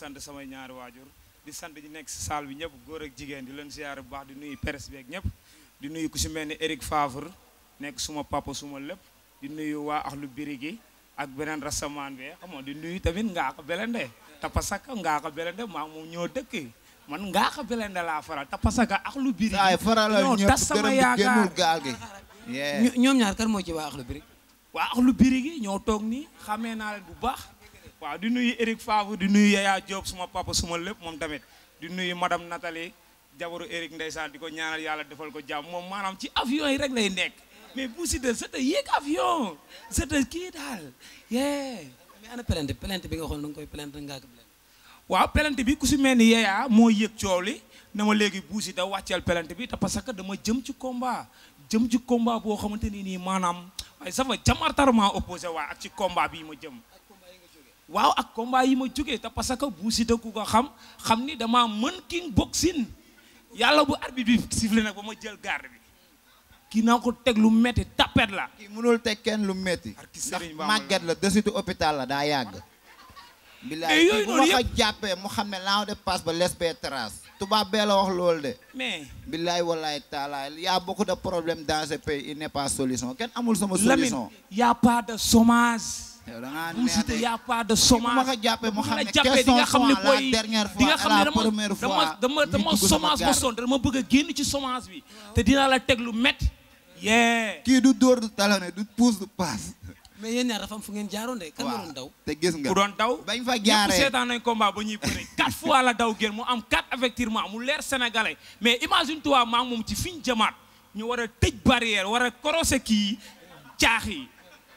sant samay ñaari waajur di sant ñi nekk si salle bi ñëpp góor ak jigéen di leen siyaare bu baax di nuyu presse beeg ñëpp di nuyu ku si mel ni Eric Favre nekk suma papa suma lépp di nuyu waa axlu biri ak beneen rasamaan bi xam nga di nuyu tamit Ngaaka Blindé Tapasaka Ngaaka moom ñoo dëkk man Ngaaka Blindé laa faral Tapasaka axlu biri gi faral ñoo tas sama yaakaar gaal gi ñoom ñaar kan moo ci waa axlu biri ñoo toog nii xamee naa leen bu baax waaw di nuyu Eric Favre di nuyu Yaya Diop suma papa suma lépp moom tamit di nuyu madame Nathalie jabaru Eric ndeysaan di ko ñaanal yàlla defal ko jàmm moom maanaam ci avion yi rek lay nekk mais bu si de c'est yéeg avion c'est kii daal yee mais ana plainte plainte bi nga xool na nga koy plainte ngaa ko plainte waaw plainte bi ku si mel ni Yaya moo yëg coow li na ma léegi buusi da wàcceel plainte bi te parce que dama jëm ci komba jëm ci combat boo xamante ni nii maanaam waaye ça va jamartalement ak ci combat bii ma jëm waaw ak combat yi ma jógee te parce que bu si dëkku ko xam xam ni damaa mën king boxing yàlla bu arbitre bi sifflé nag ba ma jël garde bi kii naa ko teg lu metti tapet la kii mënul teg kenn lu metti ndax màgget la desitu hôpital la daa yàgg bilaay kii bu ma ko jàppee mu xam ne laaw de passe ba l'espèce terrasse tubaab bee la wax loolu de mais bilaay walaay taala y a beaucoup de problèmes dans ce pays il n'est pas solution kenn amul sama solution y pas de chômage buusite y' a pas de chômage bu ma la jàppee di nga xam ne booy di nga xam ne dama dama dama chômage ba sonn dama bëgg a génn ci chômage bi te dina la teg lu métti. yee. kii du dóor du talone du puus du paas. mais yéen ñaar dafa fu ngeen jaaroon de. kan doon daw te gis nga. ku doon daw bañ fa jaaree ñëpp seetaan nañ ba ñuy bëre quatre fois la daw génn mu am quatre effectivement mu leer sénégalais mais imagine toi maa ngi moom ci fi ñu jamaat ñu war a tëj barrière war a korose kii caax yi.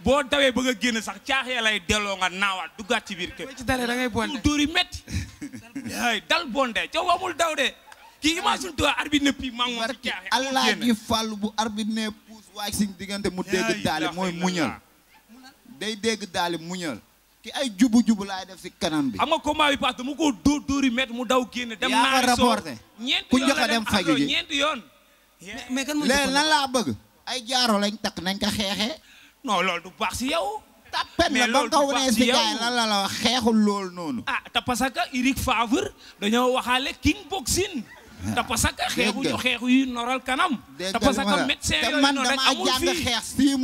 boo dawee ba nga génn sax caaxee lay delloo nga naawaat duggaat ci biir kër. ci dalee da ngay bondé dóor yi métti. dal bondé ca wamul daw de. kii imagine toi arbitre ne pii maa ngi diggante mu dégg daali mooy muñal. day dégg daali muñal. ki ay jubu jubu laay def si kanam bi. am nga combat bi paas dama koo dóor dóori mu daw génn. dem naa rapporté ku njëkk a dem faju ji ñeenti yoon. mais laa bëgg. ay jaaro lañ takk nañ ko xeexee. non lool du baax si yow. mais loolu du baax si yow lan wax xeexul loolu noonu. ah te parce que Eric Favre dañoo waxaale king boxing. waaw ah. te parce que xeexuñu xeexu noral kanam. dégg nga te parce que médecin yooyu amul fii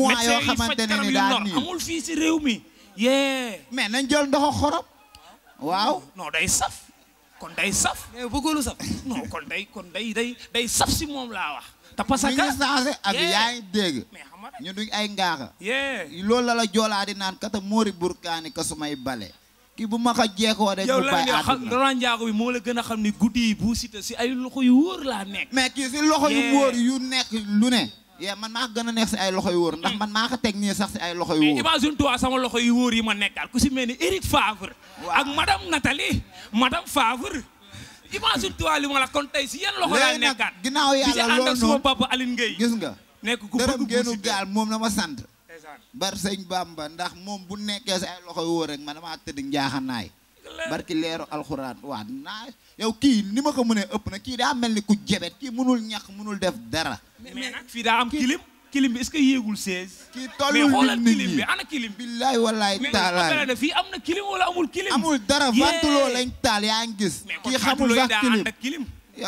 ni daal nii fii si réew mi. yee. mais nañ jël ndoxu xorom. waaw non day saf. kon day saf. mais bëggulu saf. non kon day kon day day saf si moom laa wax. te parce que ñu ngi changé ak yaa ngi dégg. ñu duñ ay ngaaxa. loolu la la joolaa di naan kata moori burkaani ka sumay bale. kii bu ma ko jeexoo de. yow lan nga xam Laurent Ndiago bi moo la gën a xam ni guddi yi bu Siteu si ay loxo yu wóor laa nekk. mais kii si loxo yu wóor yu nekk lu ne. yee man maa gën a nekk si ay loxo yu wóor ndax hmm. man maa ko teg nii sax si ay loxo yu wóor. loxo yu wóor yi ma nekk ku si mel ni Eric Favre. ak madame Nathalie madame Favre. imagine toi li ma la kon tey si yan loxo laa nekkaat ginnaaw yàlla loolu noonu suma papa gis nga nekk ku dërëm génnu gaal moom la ma sant bar sëñ Bamba ndax moom bu nekkee si ay loxo wóor rek man damaa tëdd njaaxanaay barki leeru alxuraan waa naa yow kii ni ma ko mënee ëpp na kii daa mel ni ku jebet kii mënul ñax mënul def dara mais fii daa am kilim kilim bi est-ce que yéegul 16. kii tollul lim nit ñi mais xoolal taalaay fii am na kilim wala amul kilim. amul dara ventilo lañ taal yaa ngi gis. kii xamul sax kilim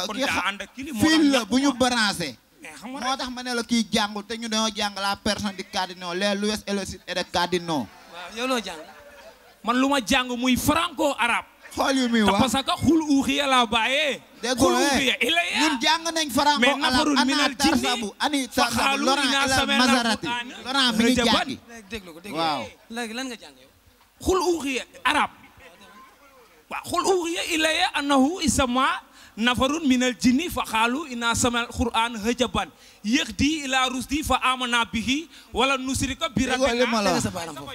kon daa ànd ak kilim. fil la bu ñu branché. moo tax ma ne la kii jàngul te ñu dañoo jàng la personne di cardinaux les louis et le sud et de cardinaux. waaw yow loo jàng. man lu ma jàng muy franco arabe. xool parce que xul uuxi yàlla bàyyee. déggoo ye ñun jàng nañ farango ala ana tarsabu ani tarsabu loran ala mazarati loran mi ngi jàngi. waaw léegi waaw xul uuxi ilayya annahu isama nafarun minal jinni fa xaalu inna samal qur'an hëjaban yëgdi ila rusdi fa amana bihi wala nusrika bi rabbina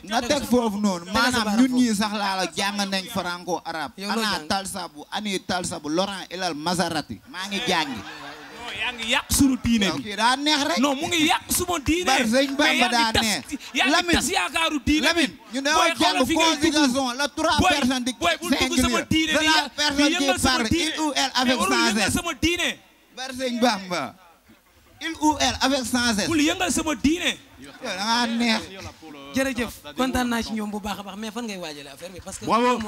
na teg foofu noonu maanaam ñun ñii sax laa la jàng nañ franco arabe ana talsabu ani talsabu laurent ilal mazarati maa ngi jàngi yaa ngi yàq sunu diine bi neex rek non mu ngi yàq suma diine bar Bamba daa neex Lamine yaa ñu ne waa jàng la trois personnes di singulier de la personne qui parle il ou a avec sans elle Sëñ Bamba il ou elle avec sans elle bul yëngal sama diine da ngaa neex jërëjëf kontaan naa ci ñoom bu baax a baax mais fan ngay waajale affaire bi parce que bravo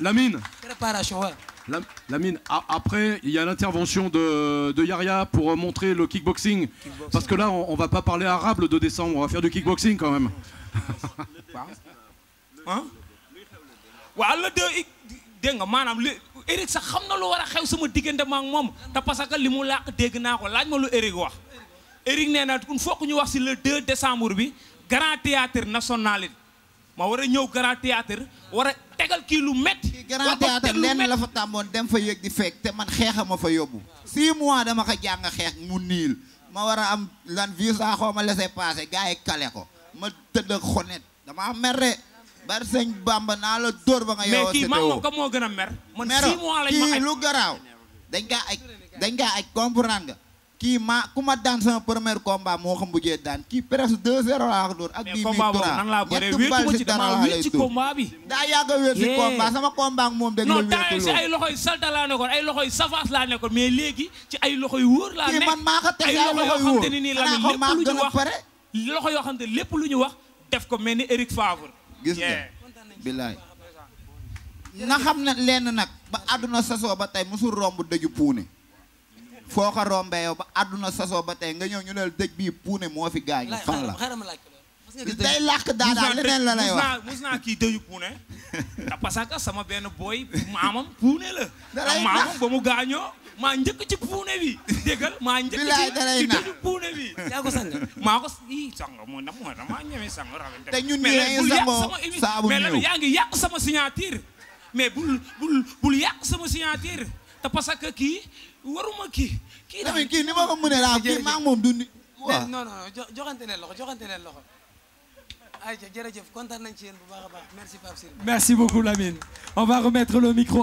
Lamine préparation waaw Lamine après il y a l'intervention de de Yaria pour euh, montrer le kickboxing parce que là on, on va pas parler arabe le 2 décembre on va faire du kickboxing quand même waa ah waaw la deux dégg nga maanaam li Eric sax xam na lu war a xew sama diggante ma moom te parce que li mu làq dégg naa ko laaj ma lu Eric wax Eric nee na il faut ñu wax si le 2 décembre bi grand théâtre national ma war a ñëw grand théâtre war a tegal kii lu métti. grand théâtre lenn la fa tàmboon dem fa yëg di fekk te man xeexa ma fa yóbbu. 6 mois dama ko jàng xeex mu niil ma war am lan visa xaw ma laisser passer gars yi kale ko ma tëdd xonet dama mer de. bari sëñ Bamba naa la dóor ba nga yow. mais kii man moom moo gën a mer. man six mois lañ ma kii lu garaaw. dañ kaa aj dañ kaa aj comprendre nga. kii ma ku ma daan sama premier combat moo xam bu jee daan kii presque deux zéro laa ko dóor ak dix mille francs a sama combat moom dégg la wér kii man maa ko teg ay loxoy wóor xanaa ko maa gën a pare xam ne lu ñu wax def ko mel ni Eric Favre. gis nga billaay. na xam na lenn nag ba àdduna sasoo ba tey musul romb dëju puune foo ko rombee yow ba àdduna sasoo ba tey nga ñëw ñu leel dëj bii puune moo fi gaañu fan la day làkk daal leneen la lay wax mus naa kii dëju puune parce que sama benn booy maamam puune la maamam ba yaa ko sang maa ko ii sang moo dama moo dama ñeme sang rafet te ñun ñee saabu ñëw mais yaa bul bul bul yàq sama signature te parce que kii waruma kii kii dama kii ni ma mu mënee laa kii maa moom dundi waaw non non joxante ne loxo joxante ne loxo ayca jërëjëf kontaan nañ ci yéen bu baax a baax merci Pape Siré merci beaucoup Lamine on va remettre le micro